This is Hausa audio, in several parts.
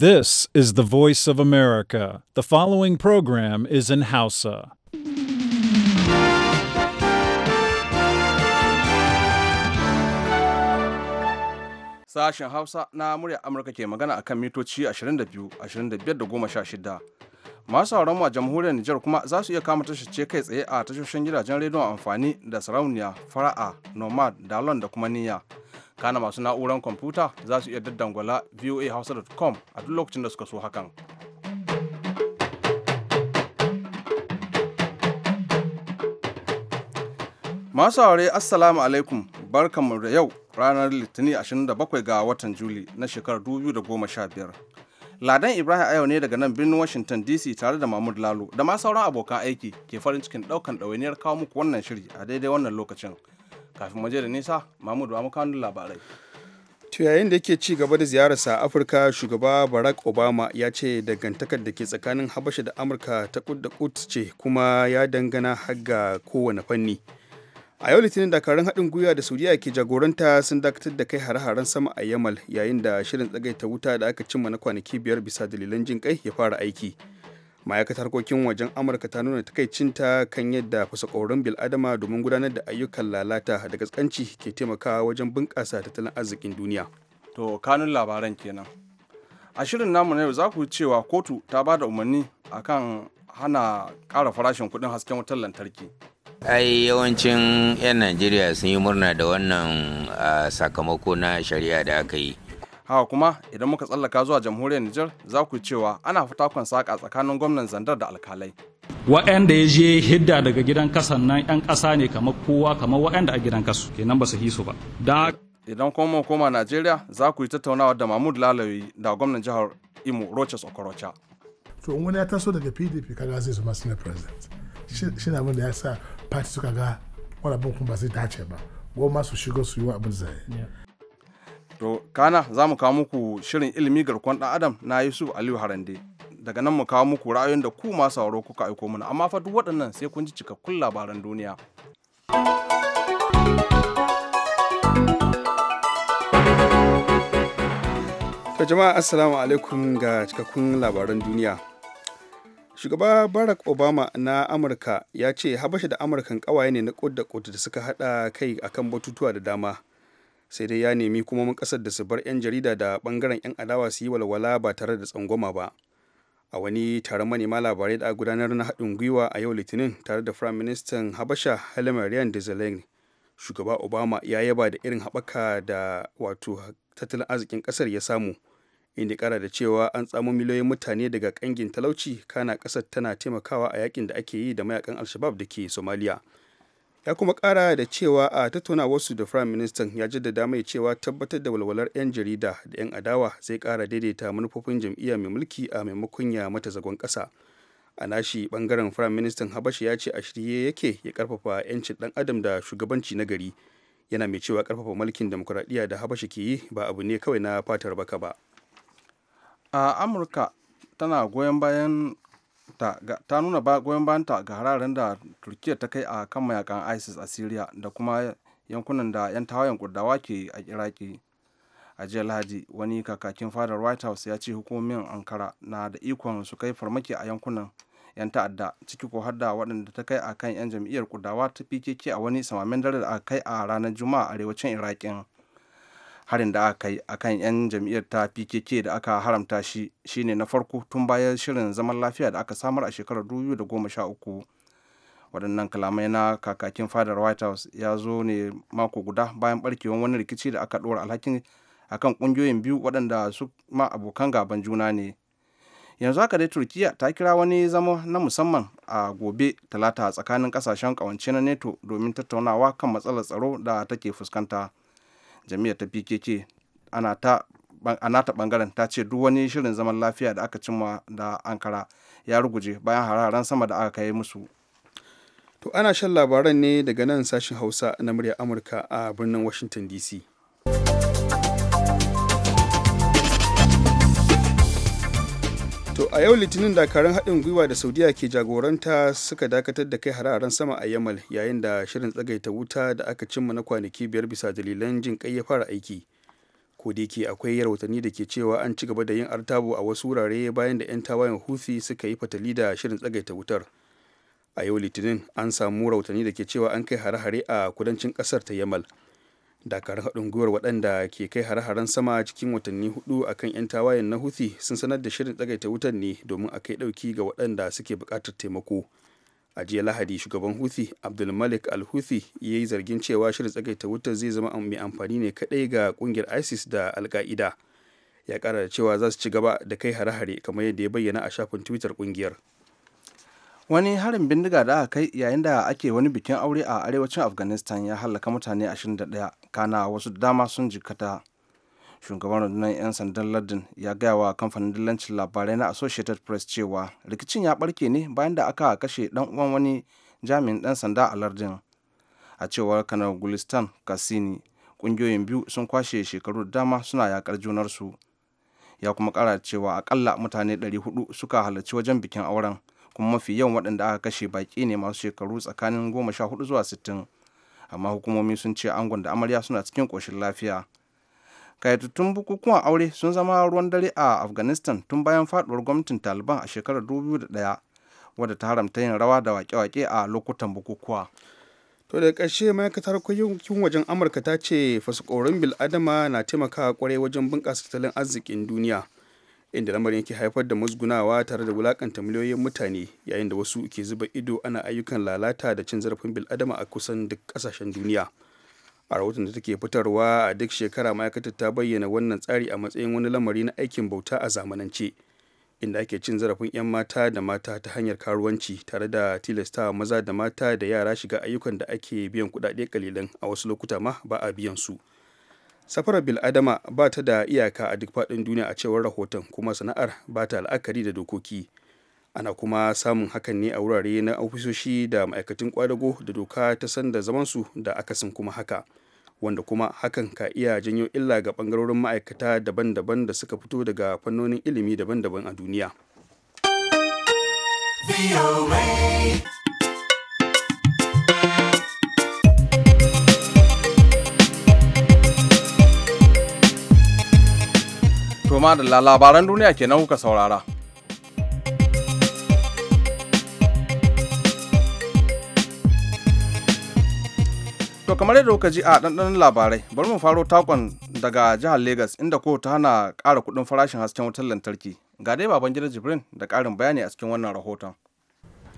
This is the voice of America. The following program is in Hausa. Sashen Hausa na murya Amurka ke magana akan mitoci 22, 25 16. Masu sauran mu a jamhuriyar Nijar kuma za su iya kama tashace kai tsaye a tashoshin gidajen rediyon amfani da sarauniya, fara'a, nomad, dalon da kuma niyya. kana masu na'uran kwamfuta za su iya daddangwala voahouse.com a duk lokacin da suka so hakan masu aure assalamu alaikum barkanmu da yau ranar litinin 27 ga watan juli na shekarar 2015 Ladan Ibrahim Ayo ne daga nan birnin Washington DC tare da Mahmud Lalo da ma sauran abokan aiki ke farin cikin daukan ɗawainiyar kawo muku wannan shiri a daidai wannan lokacin. kafin waje da nisa mahmud ba kanun labarai to yayin da yake ci gaba da ziyararsa a afirka shugaba barack obama ya ce dangantakar da ke tsakanin habasha da amurka ta kud da kut ce kuma ya dangana har ga kowane fanni a yau litinin dakarun haɗin gwiwa da suriya ke jagoranta sun dakatar da kai hare-haren sama a yamal yayin da shirin tsagaita wuta da aka cimma na kwanaki biyar bisa dalilan jin kai ya fara aiki ma'aikatar harkokin wajen amurka ta nuna takaicinta kan yadda fasakorin biladama domin gudanar da ayyukan lalata da gaskanci ke taimakawa wajen bunƙasa tattalin arzikin duniya to kanun labaran kenan a shirin namu na yau za ku cewa kotu ta ba da umarni akan hana ƙara farashin kuɗin hasken wutar lantarki ai yawancin 'yan najeriya sun yi murna da wannan ah, sakamako na shari'a da aka yi haka kuma idan muka tsallaka zuwa jamhuriyar Nijar za ku cewa ana fitakon saƙa tsakanin gwamnan zandar da alkalai. waɗanda ya je hidda daga gidan kasan nan 'yan ƙasa ne kamar kowa kamar waɗanda a gidan kasu kenan ba su su ba. Idan kuma koma Najeriya za ku yi tattaunawa da Mahmud Lalawi da gwamnan jihar Imo Rochas Okorocha. To wani ya taso daga PDP kaga zai zama senior president. Shi na da ya sa party suka ga wani abin kuma ba zai dace ba. Goma su shigo su yi wa abin zai. To, kana za mu kawo muku shirin ilimi garkon ɗan adam na Yusuf Aliyu Harande. Daga nan mu kawo muku ra'ayoyin da ku masu sauro kuka aiko mana, amma fa duk waɗannan sai kun ji cikakkun labaran duniya. To jama'a assalamu alaikum ga cikakkun labaran duniya. Shugaba Barack Obama na Amurka ya ce Habasha da Amurkan kawaye ne na kudda da da suka haɗa kai akan batutuwa da dama. sai dai ya nemi mun kasar da su bar 'yan jarida da bangaren 'yan adawa su yi walwala ba tare da tsangwama ba a wani taron manema labarai da gudanar na haɗin gwiwa a yau litinin tare da firayim ministan habasha helen da zeleng shugaba obama ya yaba da irin haɓaka da wato tattalin arzikin ƙasar ya samu inda ƙara da cewa an tsamo miliyoyin mutane daga ƙangin talauci kana ƙasar tana taimakawa a yakin da ake yi da mayakan alshabab da ke somaliya ya kuma kara da cewa a tattaunawarsu da prime minister ya jaddada mai cewa tabbatar da walwalar 'yan jarida da 'yan adawa zai kara daidaita manufofin jam'iyya mai mulki a maimakon ya mata zagon kasa a nashi bangaren prime minister habashi ya ce a shirye yake ya karfafa 'yancin dan adam da shugabanci na gari yana mai cewa karfafa mulkin demokuraɗiyya da habashi ke yi ba abu ne kawai na fatar baka ba a amurka tana goyon bayan ta nuna goyon bayanta ga hararen da turkiyya ta kai a kan mayakan isis a syria da kuma yankunan da 'yan tawayen kurdawa ke a iraki a jiya lahadi wani kakakin fadar white house ya ce hukumomin ankara na da ikon su kai farmaki a yankunan 'yan ta'adda ciki ko hadda waɗanda ta kai a kan 'yan jam'iyyar kudawa ta pkk a wani samamin dare da aka kai a ranar juma'a arewacin irakin harin da aka yi kan 'yan jam'iyyar ta pkk da aka haramta shi shine na farko tun bayan shirin zaman lafiya da aka samar a shekarar 2013 waɗannan kalamai na kakakin fadar white house ya zo ne mako guda bayan barkewar wani rikici da aka ɗora alhakin a kan ƙungiyoyin biyu waɗanda su ma abokan gaban juna ne yanzu haka dai turkiya ta kira wani zama na musamman a gobe talata tsakanin ƙasashen kawance na neto domin tattaunawa kan matsalar tsaro da take fuskanta jami'ar ta pkk ana ta a nata bangaren ta ce duk wani shirin zaman lafiya da aka cimma da ankara ya ruguje bayan hararen sama da aka kai musu to ana shan labaran ne daga nan sashen hausa na murya amurka a birnin washington dc To a yau litinin dakarun haɗin gwiwa da Saudiya ke jagoranta suka dakatar da kai hararen sama a Yamal yayin da shirin tsagaita wuta da aka cimma na kwanaki biyar bisa dalilan jin kai ya fara aiki. Ko da yake akwai rahotanni da ke cewa an ci gaba da yin artabu a wasu wurare bayan da 'yan tawayen Houthi suka yi fatali da shirin tsagaita wutar. A yau litinin an samu rahotanni da ke cewa an kai hare-hare a kudancin ƙasar ta Yamal. dakar haɗin gwiwar waɗanda ke kai hare-haren sama cikin watanni hudu a kan 'yan tawayen na huthi sun sanar da shirin tsagaita wutan ne domin a kai ɗauki ga waɗanda suke buƙatar taimako a jiya lahadi shugaban huthi abdulmalik al-huthi ya yi zargin cewa shirin tsagaita wutar zai zama mai amfani ne kaɗai ga ƙungiyar isis da alka'ida ya ƙara da cewa za su ci gaba da kai hare-hare kamar yadda ya bayyana a shafin twitter ƙungiyar. wani harin bindiga da aka kai yayin da ake wani bikin aure a arewacin afghanistan ya halaka mutane 21 kana wasu dama sun jikata shugaban rundunar 'yan sandan lardin ya gaya wa kamfanin dillancin labarai na associated press cewa rikicin ya barke ne bayan da aka kashe dan uwan wani jami'in dan sanda a lardin a cewar kanar gulistan kasini kungiyoyin biyu sun kwashe shekaru dama suna yakar junarsu ya kuma kara cewa akalla mutane 400 suka halarci wajen bikin auren kuma mafi yawan waɗanda aka kashe baƙi ne masu shekaru tsakanin goma sha hudu zuwa sittin amma hukumomi sun ce angon da amarya suna cikin ƙoshin lafiya kayatattun bukukuwan aure sun zama ruwan dare a afghanistan tun bayan faduwar gwamnatin taliban a shekarar 2001 wadda ta haramta yin rawa da wake-wake a lokutan bukukuwa to da ƙarshe ma'aikatar kwayoyin wajen amurka ta ce fasikorin biladama na taimakawa kwarai wajen bunƙasa tattalin arzikin duniya inda lamarin yake haifar da musgunawa tare da wulakanta miliyoyin mutane yayin da wasu ke zuba ido ana ayyukan lalata da cin zarafin bil'adama a kusan duk ƙasashen duniya a rahoton da take fitarwa a duk shekara ma'aikatar ta bayyana wannan tsari a matsayin wani lamari na aikin bauta a zamanance inda ake cin zarafin 'yan mata da mata ta hanyar karuwanci tare da tilasta maza da mata da yara shiga ayyukan da ake biyan kuɗaɗe kalilan a wasu lokuta ma ba a biyan su. safarar bil'adama ba ta da iyaka a duk faɗin duniya a cewar rahoton kuma sana'ar ba ta la'akari da dokoki ana kuma samun hakan ne a wurare na ofisoshi da ma'aikatan kwadago da doka ta sanda zamansu da akasin kuma haka wanda kuma hakan ka iya janyo illa ga bangarorin ma'aikata daban-daban da suka fito daga fannonin ilimi daban-daban a duniya. To da labaran duniya kenan kuka saurara. To kamar yadda kuka ji a ɗanɗanon labarai, bari mu faro takon daga jihar Legas inda ko ta hana ƙara kuɗin farashin hasken wutar lantarki. Ga dai baban gidan Jibrin da ƙarin bayani a cikin wannan rahoton.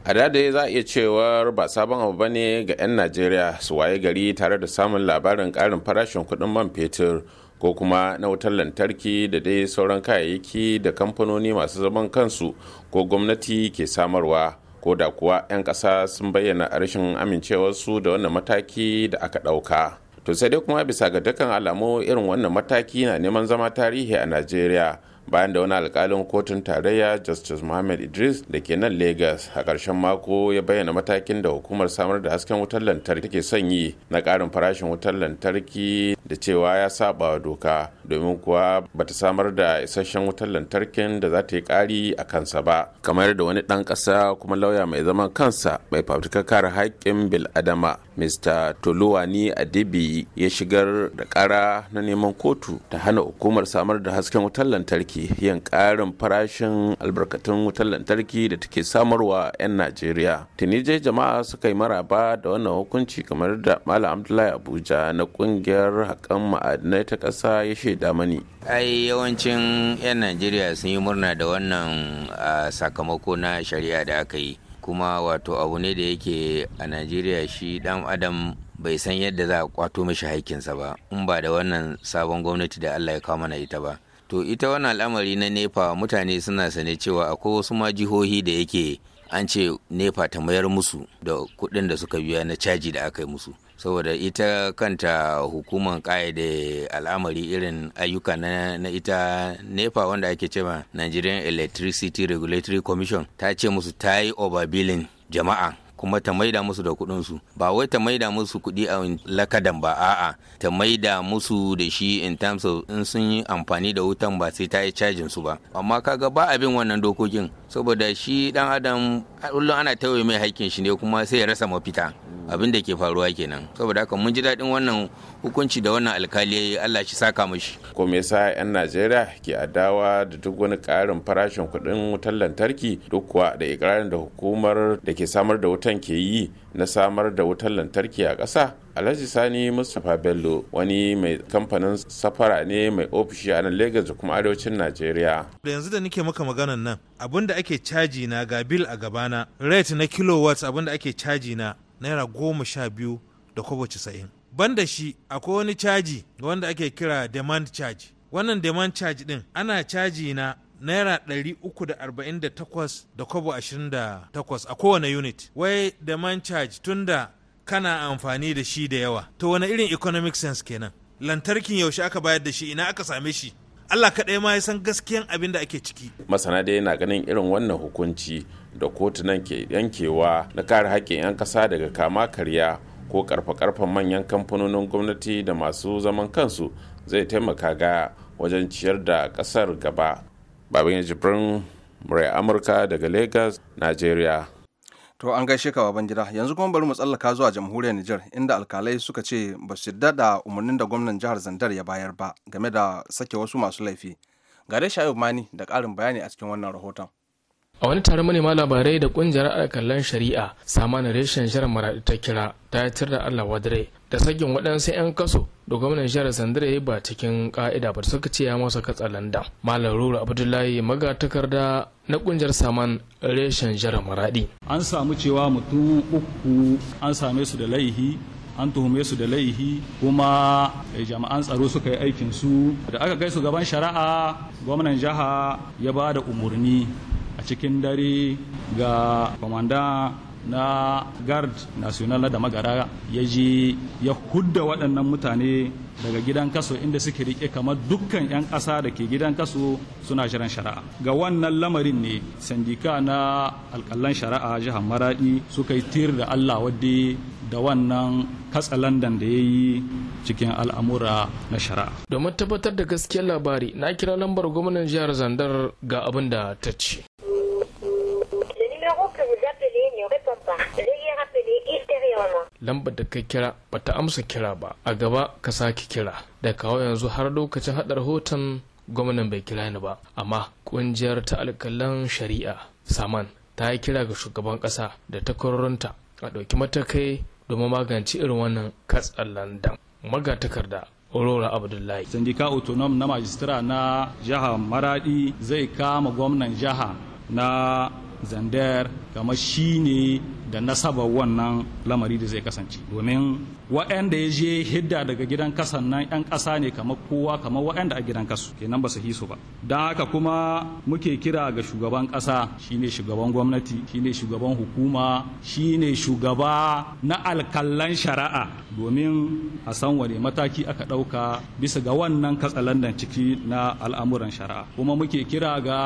a dai za a iya cewar ba sabon abu bane ga 'yan najeriya su waye gari tare da samun labarin ƙarin farashin kuɗin man fetur ko kuma na wutar lantarki da dai sauran kayayyaki da kamfanoni masu zaman kansu ko gwamnati ke samarwa ko da kuwa 'yan ƙasa sun bayyana rashin amincewarsu da wannan mataki da aka ɗauka. to sai dai kuma bisa ga dukkan alamu irin wannan mataki na neman zama tarihi a najeriya bayan da wani alkalin kotun tarayya justice mohammed idris da ke nan lagos a ƙarshen mako ya bayyana matakin da hukumar samar da hasken wutar lantarki take son yi na ƙarin farashin wutar lantarki da cewa ya saba doka domin kuwa bata samar da isasshen wutar lantarkin da za ta yi ƙari a kansa ba kamar da wani ɗan ƙasa kuma lauya mai zaman kansa mai fafutukar kare haƙƙin bil'adama Mista toluwani adibi ya shigar da ƙara na neman kotu ta hana hukumar samar da hasken wutar lantarki yin karin farashin albarkatun wutar lantarki da take samarwa 'yan najeriya tunijai jama'a suka yi maraba da wannan hukunci kamar da malam abdullahi abuja na ƙungiyar haƙan ma'adinai ta ƙasa ya shaida mani ai yawancin 'yan najeriya sun yi murna da wannan ah, sakamako na shari'a da aka yi kuma wato abu ne da yake a najeriya shi dan adam bai san yadda za a kwato mashi haikinsa ba in ba da wannan sabon gwamnati da allah ya kawo mana ita ba to ita wannan al'amari na nepa mutane suna sane cewa akwai wasu ma jihohi da yake an ce nepa ta mayar musu da kuɗin da suka biya na caji da aka yi musu saboda ita kanta hukumar ƙa'ide al'amari irin ayyuka na, ita nepa wanda ake cewa nigerian electricity regulatory commission ta ce musu ta yi overbilling jama'a kuma ta maida musu da kuɗin su ba wai ta maida musu kuɗi a lakadan ba a'a ta maida musu da shi in terms of in sun yi amfani da wutan ba sai ta yi cajin su ba amma kaga ba abin wannan dokokin saboda shi dan adam kullum ana tawaye mai haƙƙin shi ne kuma sai ya rasa mafita abin da ke faruwa kenan saboda haka mun ji daɗin wannan hukunci da wannan alkali Allah shi saka mashi ko me yasa 'yan Najeriya ke adawa da duk wani ƙarin farashin kuɗin wutar lantarki duk kuwa da ikirarin da hukumar da ke samar da wutan mahukuntan ke yi na samar da wutar lantarki a ƙasa alhaji sani mustapha bello wani mai kamfanin safara ne mai ofishi a nan lagos da kuma arewacin najeriya da yanzu da nike maka maganan nan abin da ake caji na ga bil a gabana rate na kilowat abin da ake caji na naira goma sha biyu da kwabo casa'in banda shi akwai wani caji wanda ake kira demand charge wannan demand charge din ana caji na naira 348.28 da kwabo a kowane unit wai da man charge tunda kana amfani da shi da yawa to wani irin economic sense kenan lantarkin yaushe aka bayar da shi ina aka same shi Allah kaɗai ma ya san gaskiyan abin da ake ciki. Masana dai yana ganin irin wannan hukunci da kotunan ke yankewa na kare haƙƙin 'yan ƙasa daga kama karya ko karfe-karfen manyan kamfanonin gwamnati da masu zaman kansu zai taimaka ga wajen ciyar da ƙasar gaba. babin ya jibrin murai amurka daga lagos nigeria to an gaishe ka baban gida yanzu kuma bari mu tsallaka zuwa jamhuriyar nijar inda alkalai suka ce ba su da umarnin da gwamnan jihar zandar ya bayar ba game da sake wasu masu laifi ga dai shayu mani da ƙarin bayani a cikin wannan rahoton a wani taron manema labarai da kungiyar alkalan shari'a sama reshen shirin maradi ta kira ta yatar da allah wadare da sakin waɗansu 'yan kaso da gwamnan jihar sandira ya ba cikin ka'ida ba suka ce ya masa landan malam rura abdullahi magatakarda na kungiyar saman reshen jihar maradi an samu cewa mutum uku an same su da laihi an tuhume su da laihi kuma eh, jama'an tsaro suka yi aikin su da aka kai su gaban shari'a gwamnan jiha ya ba da umarni a cikin dare ga kwamandan na guard national da magara ya ji ya hudda waɗannan mutane daga gidan kaso inda suke rike kamar dukkan 'yan ƙasa da ke gidan kaso suna shirin shari'a ga wannan lamarin ne sandika na alƙalan shari'a jihar maraɗi suka yi tir da allah wadda da wannan katsalandan da ya yi cikin al'amura na shari'a domin tabbatar da gaskiyar labari na kira lambar gwamnan jihar zandar ga abin da ta ce lamba zai lambar da kai kira bata amsa kira ba a gaba ka sake kira da kawo yanzu har lokacin haɗa rahoton gwamnan bai kira ni ba amma kungiyar ta alkalan shari'a saman ta yi kira ga shugaban ƙasa da takwarorinta a ɗauki matakai domin magance irin wannan katsalandan magatakarda Aurora Abdullahi. Sandika Autonom na Majistira na Jiha Maradi zai kama gwamnan jiha na zandar kamar shi ne da nasabar wannan lamari da zai kasance domin waɗanda ya je hidda daga gidan kasan nan 'yan kasa ne kamar kowa kamar waɗanda a gidan kasu kenan ba su su ba don haka kuma muke kira ga shugaban ƙasa shine shugaban gwamnati shine shugaban hukuma shine shugaba na alkallan shari'a domin a san wane mataki aka ɗauka bisa ga wannan katsalan katsalandan ciki na al'amuran shari'a kuma muke kira ga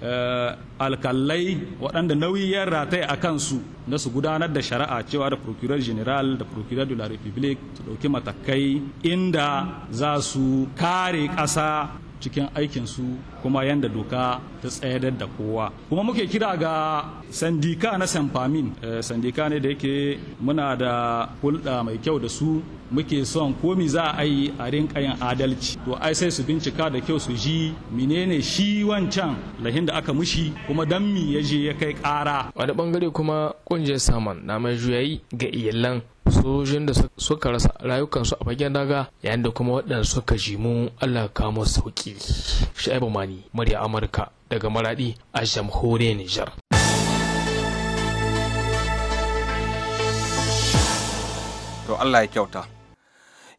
eh, alkallai waɗanda nauyi ya rataya a kansu na su gudanar da shari'a cewa da procureur general da procureur de la republic ta ɗauki matakai inda za su kare ƙasa cikin aikinsu kuma yadda doka ta tsayar da kowa kuma muke kira ga sandika na samfamin eh, sandika ne da yake muna da hulɗa mai kyau da su muke son komi za a yi a rinka yin adalci to ai sai su bincika da kyau su ji menene shi wancan lahin da aka mushi kuma dan mi ya je ya kai ƙara wani bangare kuma kungiyar saman na mai juyayi ga iyalan sojojin da suka rasa rayukansu a fagen daga yayin da kuma waɗanda suka jimu Allah mu sauki Shaibu Mani murya Amurka daga Maradi a jamhuriyar niger. To Allah ya kyauta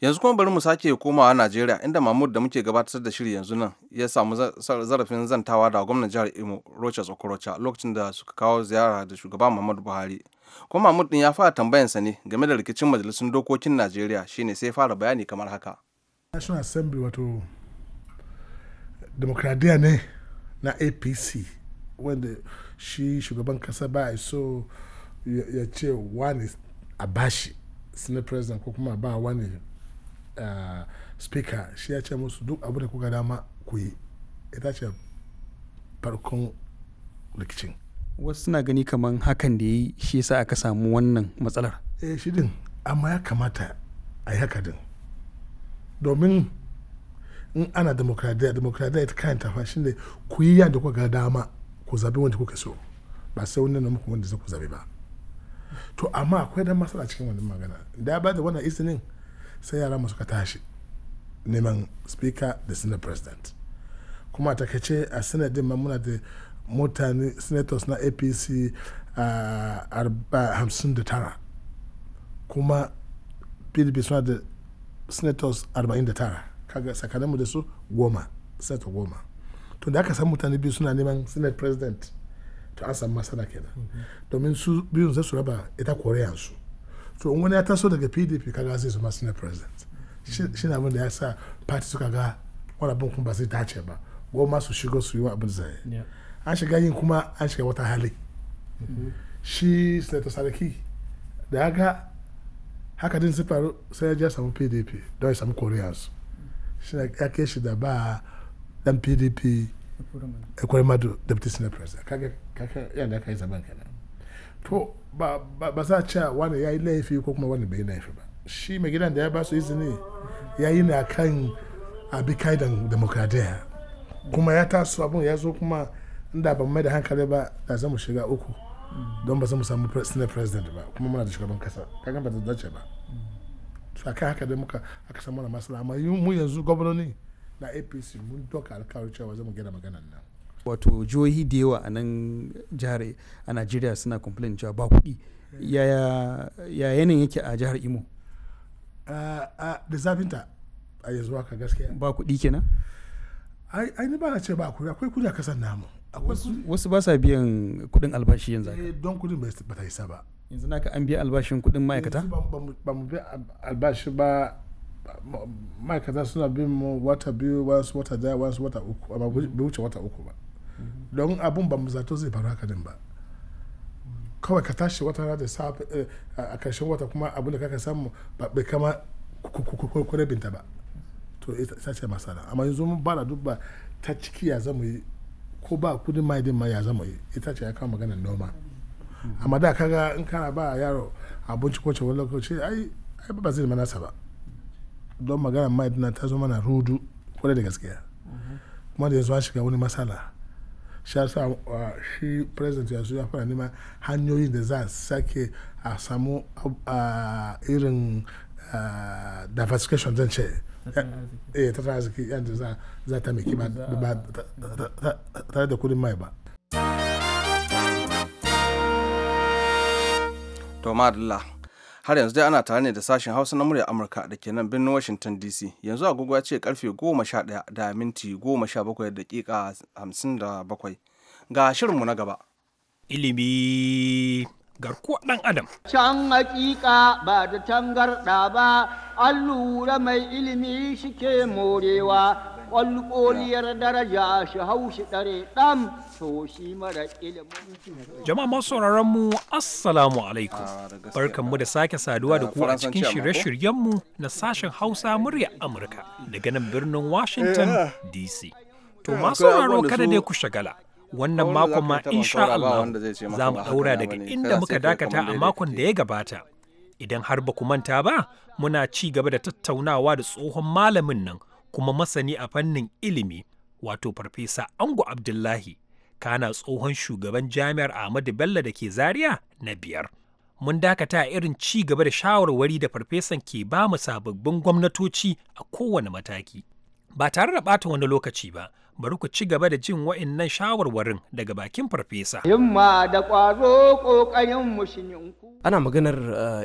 yanzu kuma bari mu sake komawa Najeriya inda Mahmud da muke gabatar da shiri yanzu nan ya samu zarafin zantawa da gwamnan jihar Imo Rochas Okorocha lokacin da suka kawo ziyara da shugaba Muhammadu Buhari kuma mahmud din ya fara tambayansa ne game da rikicin majalisun dokokin najeriya shine sai fara bayani kamar haka national assembly wato demokradiyya ne na apc wanda shi shugaban kasa ba so ya ce wani a bashi senate president ko kuma ba wani speaker shi ya ce musu duk abu da kuka dama ku yi ita ce farkon rikicin wasu suna gani kamar hakan da ya yi shi yasa aka samu wannan matsalar eh shi din amma ya kamata a yi haka din domin in ana demokradiyya demokradiyya ta kayan tafa shi ne ku yi yadda kuka ga dama ku zabi wanda kuka so ba sai wani muku wanda za ku zabi ba to amma akwai dan matsala cikin wannan magana da ba da wannan izinin sai yara masu ka tashi neman speaker da senate president kuma a takaice a sanadin din muna da mutane senators na apc ah, hamsin da tara kuma pdp suna da senators 49 kaga tsakaninmu da su goma senator goma to da aka san mutane biyu suna neman senate president to an samu masana kenan mhm. domin su biyun zai su raba ita koreyan su to in wani ya taso daga pdp kaga zai zama senate president shi na da ya sa party suka ga wani abin kuma ba zai dace ba goma su shigo su yi wa abin zai an shiga yin kuma an shiga wata hali shi senator sadaki da ya ga haka din su faru sai ya samu pdp don ya samu koreans shi na ya kai shi da ba dan pdp ekwari madu deputy senate president kaga kaka da kai zaman kenan to ba ba za a wani ya yi laifi ko kuma wani bai yi laifi ba shi mai gidan da ya ba su izini ya yi na kan abi kaidan demokradiyya kuma ya taso abun ya zo kuma inda ban mai da hankali ba da zamu shiga uku don ba mu samu senate president ba kuma muna da shugaban kasa kagan ba da dace ba su akan haka dai muka aka samu na masu amma mu yanzu gwamnoni na apc mun doka alkawari cewa zamu gina maganan nan wato jihohi da yawa a nan jihar a najeriya suna complain cewa ba kuɗi ya yanayin yake a jihar imo da zafinta a yanzu haka gaskiya ba kuɗi kenan ai ni ba na ce ba kuɗi akwai kuɗi a kasar namu wasu ba sa biyan kudin albashi yanzu eh don kudin ba ta isa ba yanzu naka an biya albashin kudin ma'aikata eh, ba mu biya albashi ba ma'aikata suna bin mu wata biyu wasu wata daya wasu wata uku ba bai wuce wata uku ba mhm. don abun ba mu zato zai faru haka din ba kawai ka tashi wata rana da safe eh, a karshen wata kuma abu da kaka samu ba bai kama yi. ko ba kudin mai din ma ya zama ita ce ya kama maganar noma amma da kaga in kana ba yaro abinci ko ce wani lokaci ai ai ba zai manasa ba don maganar mai din ta zo mana rudu kwarai da gaskiya kuma da yanzu an shiga wani masala shi yasa shi president ya zo ya fara neman hanyoyin da za a sake a samu irin diversification zan ce eh arziki da kudin mai ba to madalla har yanzu dai ana tare ne da sashen hausa na murya amurka da ke nan birnin washington dc yanzu agogo ya ce karfe 11 da minti 17 dakika 57 ga shirinmu na gaba ilimi garkuwa ɗan adam. Can hakika ba da tangarɗa ba, an lura mai ilimi shi ke morewa, ƙwalƙoliyar daraja shi hau shi ɗare ɗan. to shi mara ilimin. Jama'a masu mu Assalamu alaikum. Ah, Barkanmu da sake saduwa da ku a cikin shirye-shiryenmu na sashen Hausa murya Amurka daga nan birnin Washington eh. DC. To eh, masu sauraro kada ne ku shagala. wannan makon ma insha Allah za mu daura daga inda muka dakata a makon da ya gabata idan har ba ku manta ba muna ci gaba da tattaunawa da tsohon malamin nan kuma masani a fannin ilimi wato farfesa ango abdullahi kana tsohon shugaban jami'ar ahmadu bello da ke zaria na biyar mun dakata a irin ci gaba da shawarwari da farfesan ke ba mu sababbin gwamnatoci a kowane mataki ba tare da ɓata wani lokaci ba bari ku ci gaba da jin wa'innan shawarwarin daga bakin farfesa. yamma da ƙwaro ƙoƙarin mushininku. Ana maganar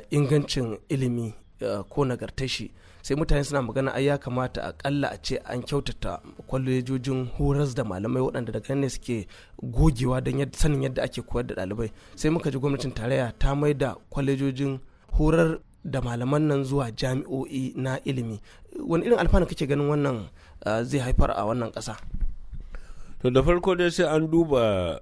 eh, ingancin ilimi eh, ko nagartashi sai mutane suna magana ai ya kamata akalla a ce an kyautata kwalejojin horas da malamai waɗanda daga ne suke gogewa don sanin yadda ake koyar da ɗalibai sai muka ji gwamnatin tarayya ta mai da kwalejojin horar da malaman nan zuwa jami'o'i na ilimi wani irin alfanu kake ganin wannan eh, zai haifar a wannan ƙasa to da farko dai sai an duba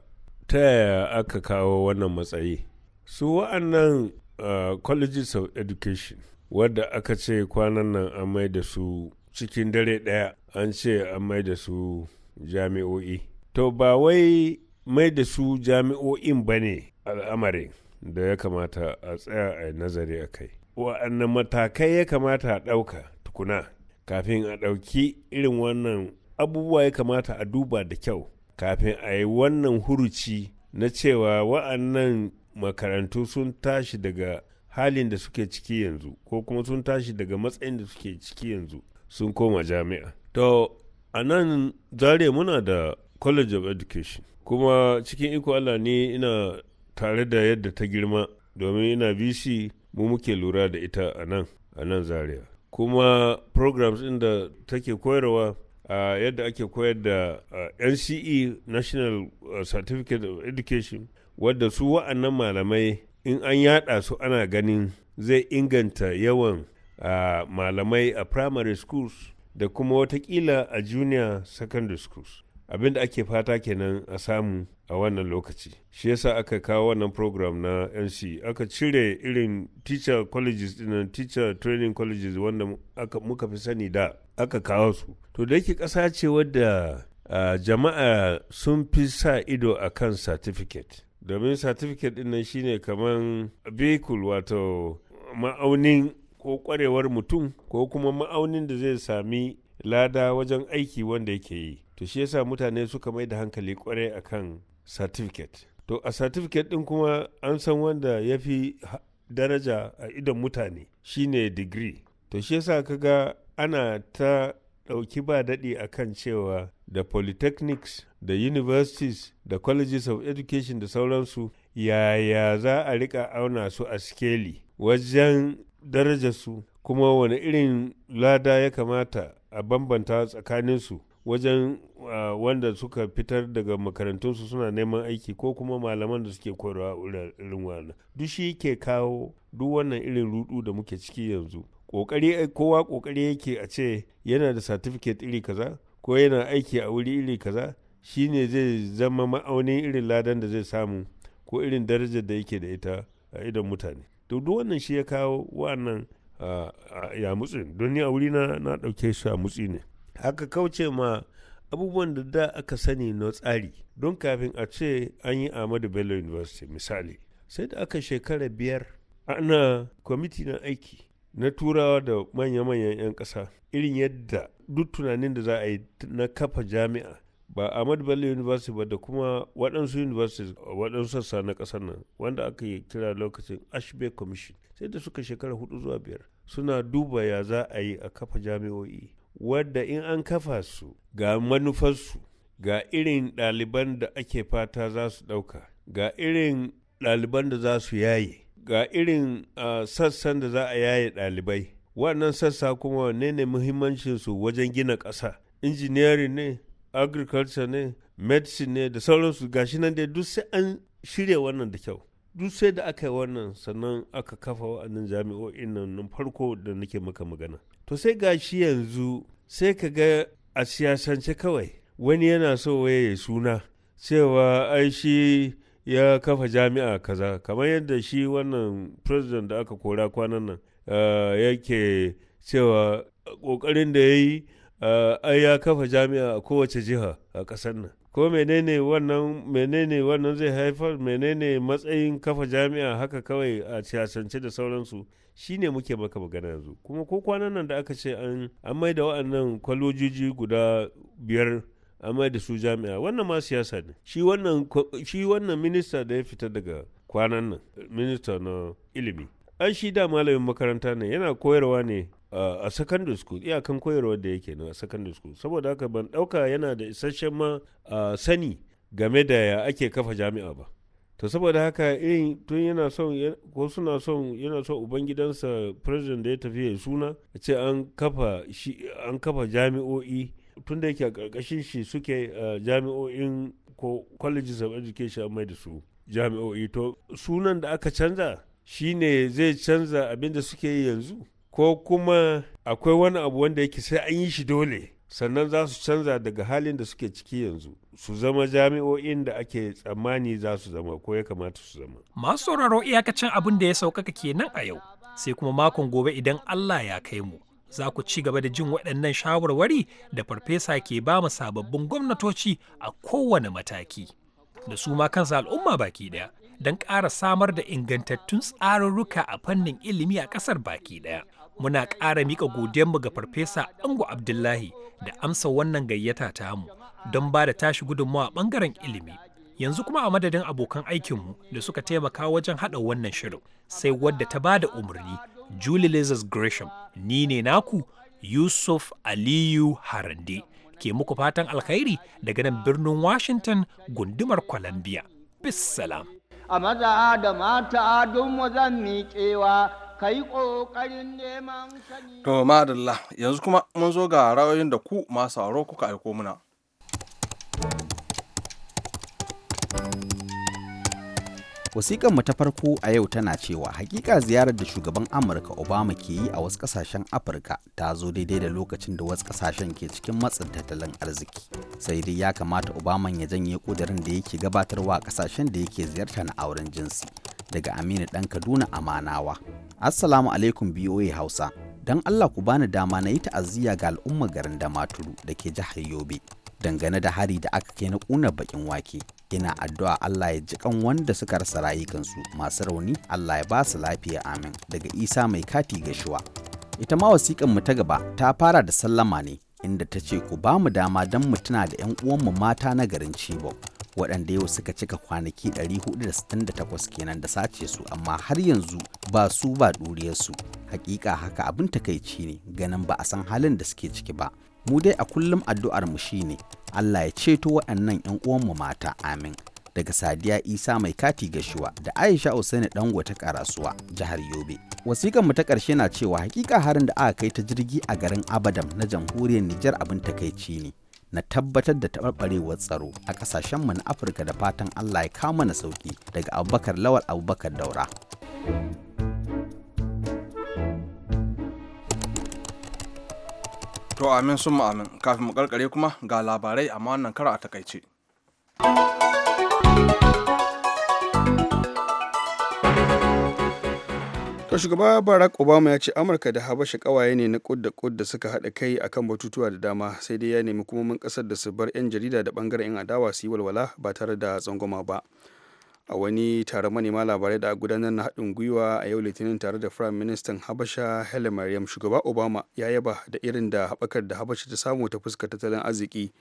ta yaya aka kawo wannan matsayi su wa'annan ah, colleges of education wadda aka ce kwanan nan an mai da su cikin dare ɗaya an ce an mai da su jami'o'i to ba wai mai da su jami'o'in ba ne al'amarin da ya kamata a tsaya a nazari a kai wa'annan matakai ya kamata a ɗauka tukuna kafin a ɗauki irin wannan abubuwa ya kamata a duba da kyau kafin a yi wannan huruci na cewa wa'annan makarantu sun tashi daga halin da suke ciki yanzu ko kuma sun tashi daga matsayin da suke ciki yanzu sun koma jami'a to a nan zare muna da college of education kuma cikin iko allah ne ina tare da yadda ta girma domin ina bc mu muke lura da ita a nan a nan zaria kuma programs inda take koyarwa yadda ake koyar da nce national certificate of education wadda su wa'annan malamai in an yada su ana ganin zai inganta yawan malamai a primary schools da kuma watakila a junior secondary schools abin da ake fata kenan a samu a wannan lokaci shi yasa aka kawo wannan program na nc aka cire irin teacher colleges dinan teacher training colleges wanda aka muka fi sani da aka kawo su to da yake ƙasa ce wadda jama'a sun fi sa ido a kan certificate domin certificate din shine kamar vehicle wato ma'aunin ko kwarewar mutum ko kuma ma'aunin da zai sami lada wajen aiki wanda yake yi to shi yasa mutane suka mai da hankali kwarai akan certificate to a certificate din kuma an san wanda ya fi daraja a idon mutane shine degree to shi yasa kaga ana ta ɗauki ba daɗi a kan cewa da polytechnics da universities da colleges of education da sauransu yaya za a rika auna su a skeli wajen darajarsu kuma wani irin lada ya kamata a bambanta tsakaninsu wajen wanda suka fitar daga makarantunsu suna neman aiki ko kuma malaman da suke koyarwa irin wannan duk shi ke kawo duk wannan irin rudu da muke ciki yanzu kokari kowa kokari yake a ce yana da certificate iri kaza ko yana aiki a wuri iri kaza shine zai zama ma'aunin irin ladan da zai samu ko irin darajar da yake da ita a idan mutane to duk wannan shi ya kawo wannan ya mutsi don ni a wuri na na ɗauke shi a mutsi ne haka kauce ma abubuwan da da aka sani na tsari don kafin a ce an yi Amadu Bello University misali sai da aka shekara biyar ana kwamiti na aiki na turawa da manya-manyan 'yan ƙasa irin yadda duk tunanin da za a yi na kafa jami'a ba ahmad bello university ba da kuma waɗansu universities waɗansu sassa na ƙasar nan wanda aka yi kira lokacin ashbe commission sai da suka shekara hudu zuwa biyar suna duba ya za a yi a kafa jami'o'i wadda in an kafa su ga manufarsu ga irin ɗaliban da ake fata za su ɗauka ga irin ɗaliban da za su yaye ga irin sassan da za a yaye ɗalibai waɗannan sassa kuma ne ne muhimmancinsu wajen gina ƙasa injiniyarin ne agriculture ne medicine ne da sauransu gashi nan dai duk sai an shirya wannan da kyau duk sai da aka yi wannan sannan aka kafa wa'annan jami'o'in nan farko da nake maka magana to sai gashi yanzu sai ka ga a siyasance kawai wani yana so ya suna cewa ai shi ya kafa jami'a kaza kamar yadda shi wannan president da aka kora kwanan nan eh, yake cewa kokarin da ya yi ai ya kafa jami'a a kowace jiha a ƙasar nan ko menene wannan menene wannan zai haifar menene matsayin kafa jami'a haka kawai a ciyasance da sauransu shine muke maka magana yanzu kuma ko kwanan nan da aka ce an mai da wa'annan kwalojoji guda biyar an da su jami'a wannan ma siyasa ne shi wannan shi wannan minista da ya fita daga kwanan nan minista na ilimi an shi da malamin makaranta ne yana koyarwa ne Uh, a secondary school iyakan koyarwar da yake na a secondary school saboda haka ban ɗauka yana da isasshen ma uh, sani game da ya ake kafa jami'a ba to saboda haka irin tun yana son ko suna son yana son ubangidansa president da ya tafi ya suna a ce an kafa shi an kafa jami'o'i tun da yake a ƙarƙashin shi suke uh, jami'o'in ko colleges of education mai da su jami'o'i to sunan da aka canza shine zai canza abin da suke yi yanzu ko kuma akwai wani abu wanda yake sai an yi shi dole sannan za su canza daga halin da suke ciki yanzu su zama jami'o'in da ake tsammani za su zama ko ya kamata su zama. Masu sauraro iyakacin abin da ya saukaka kenan a yau sai kuma makon gobe idan Allah ya kai mu. Za ku ci gaba da jin waɗannan shawarwari da farfesa ke ba mu sababbin gwamnatoci a kowane mataki. Da su ma kansa al'umma baki ɗaya don ƙara samar da ingantattun tsarurruka a fannin ilimi a ƙasar baki ɗaya. muna ƙara miƙa mu ga farfesa ango abdullahi da amsa wannan gayyata ta mu don ba da tashi gudunmawa ɓangaren ilimi yanzu kuma a madadin abokan aikinmu da suka taimaka wajen haɗa wannan shirin sai wadda ta ba da umarni julie lizards gresham ni ne naku yusuf aliyu harande ke muku fatan alkhairi daga nan birnin washington gundumar columbia bis salam a maza da mata don mu zan ka To madalla yanzu kuma mun zo ga ra'ayoyin da ku masu sauro kuka aiko muna. mu ta farko a yau tana cewa hakika ziyarar da shugaban Amurka Obama ke yi a wasu ƙasashen Afirka ta zo daidai da lokacin da wasu ƙasashen ke cikin matsin tattalin arziki. Sai dai ya kamata Obama ya janye kudirin da yake gabatarwa a kasashen da yake ziyarta na auren jinsi. daga Aminu ɗan Kaduna Amanawa. Assalamu alaikum BOA Hausa. Don Allah ku bani dama na yi ta'aziyya ga al'ummar garin Damaturu da ke jihar Yobe dangane da hari da aka kai na ƙunar bakin wake. Ina addu'a Allah ya ji kan wanda suka rasa rayukansu masu rauni Allah ya ba su lafiya amin daga Isa mai kati ga Shuwa. Ita ma wasiƙan mu ta gaba ta fara da sallama ne inda ta ce ku ba mu dama don mu tuna da 'yan uwanmu mata na garin Chibok. waɗanda yau suka cika kwanaki 468 kenan da sace su amma har yanzu ba su ba ɗuriyarsu hakika haka abin takaici ne ganin ba a san halin da suke ciki ba mu dai a kullum addu'ar mu shine Allah ya ceto waɗannan 'yan uwanmu mata amin daga Sadiya Isa mai kati gashuwa da Aisha Usaini Dango ta karasuwa jihar Yobe. Wasiƙan mu ta ƙarshe na cewa hakika harin da aka kai ta jirgi a garin Abadam na jamhuriyar Nijar abin takaici ne. na tabbatar da taɓarɓarewar tsaro a ƙasashenmu na afirka da fatan allah ya kawo mana sauki daga abubakar lawal abubakar daura to amin sun amin kafin mu karkare kuma ga labarai amma wannan kara a takaice to shugaba barak obama ya ce amurka da habasha kawaye ne na kudda da suka haɗa kai akan batutuwa da dama sai dai ya nemi hukumomin kasar da su bar 'yan jarida da ɓangaren 'yan adawa su yi walwala ba tare da tsangwama ba a wani taron manema labarai da gudanar na haɗin gwiwa a yau litinin tare da firayim ministan habasha helen mariam shugaba obama ya yaba da irin da haɓakar da habasha ta samu ta fuska tattalin arziki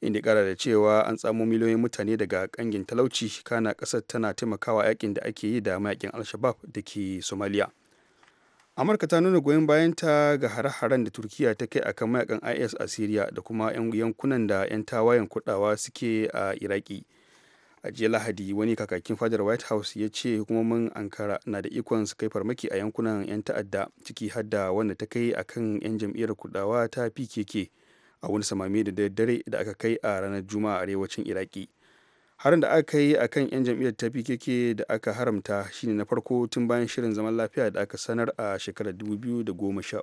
inda kara da cewa an tsamo miliyoyin mutane daga kangin talauci kana kasar tana taimakawa yakin da ake yi da mayakin al-shabab da ke somaliya amurka ta nuna goyon bayanta ga hare-haren da turkiya ta kai akan mayakan is a syria da kuma yankunan da 'yan tawayen kudawa suke a iraki a jiya lahadi wani kakakin fadar white house ya ce hukumomin ankara na da ikon su kai farmaki a yankunan 'yan ta'adda ciki hadda wanda ta kai akan 'yan jam'iyyar kudawa ta pkk a wani samami da daddare da aka kai a ranar juma'a arewacin iraki harin da aka yi a kan 'yan jam'iyyar ta pkk da aka haramta shine na farko tun bayan shirin zaman lafiya da aka sanar a shekarar 2013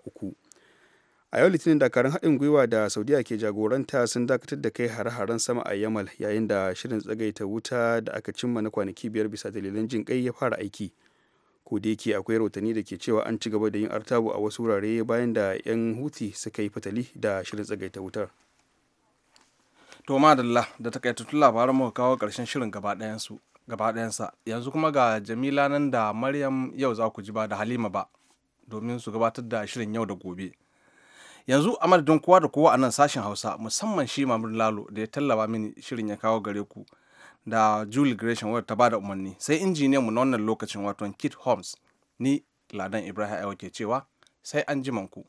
a yau litinin dakarun haɗin gwiwa da saudiya ke jagoranta sun dakatar da kai hare-haren sama a yamal yayin da shirin tsagaita wuta da aka cimma na kwanaki biyar bisa dalilan jin kai ya fara aiki ko da yake akwai rautani da ke cewa an ci gaba da yin artabu a wasu wurare bayan da 'yan huti suka yi fatali da shirin tsagaita wutar to madalla da takaitattun labaran muka kawo karshen shirin gaba yanzu kuma ga jamila nan da maryam yau za ku ji ba da halima ba domin su gabatar da shirin yau da gobe yanzu a madadin kowa da kowa a nan sashen hausa musamman shi mamur lalo da ya tallaba mini shirin ya kawo gare ku da julie gresham wadda ta bada umarni sai injiniyan mu na wannan lokacin wato kit holmes ni ladan ibrahim aiwa ke cewa sai an ku.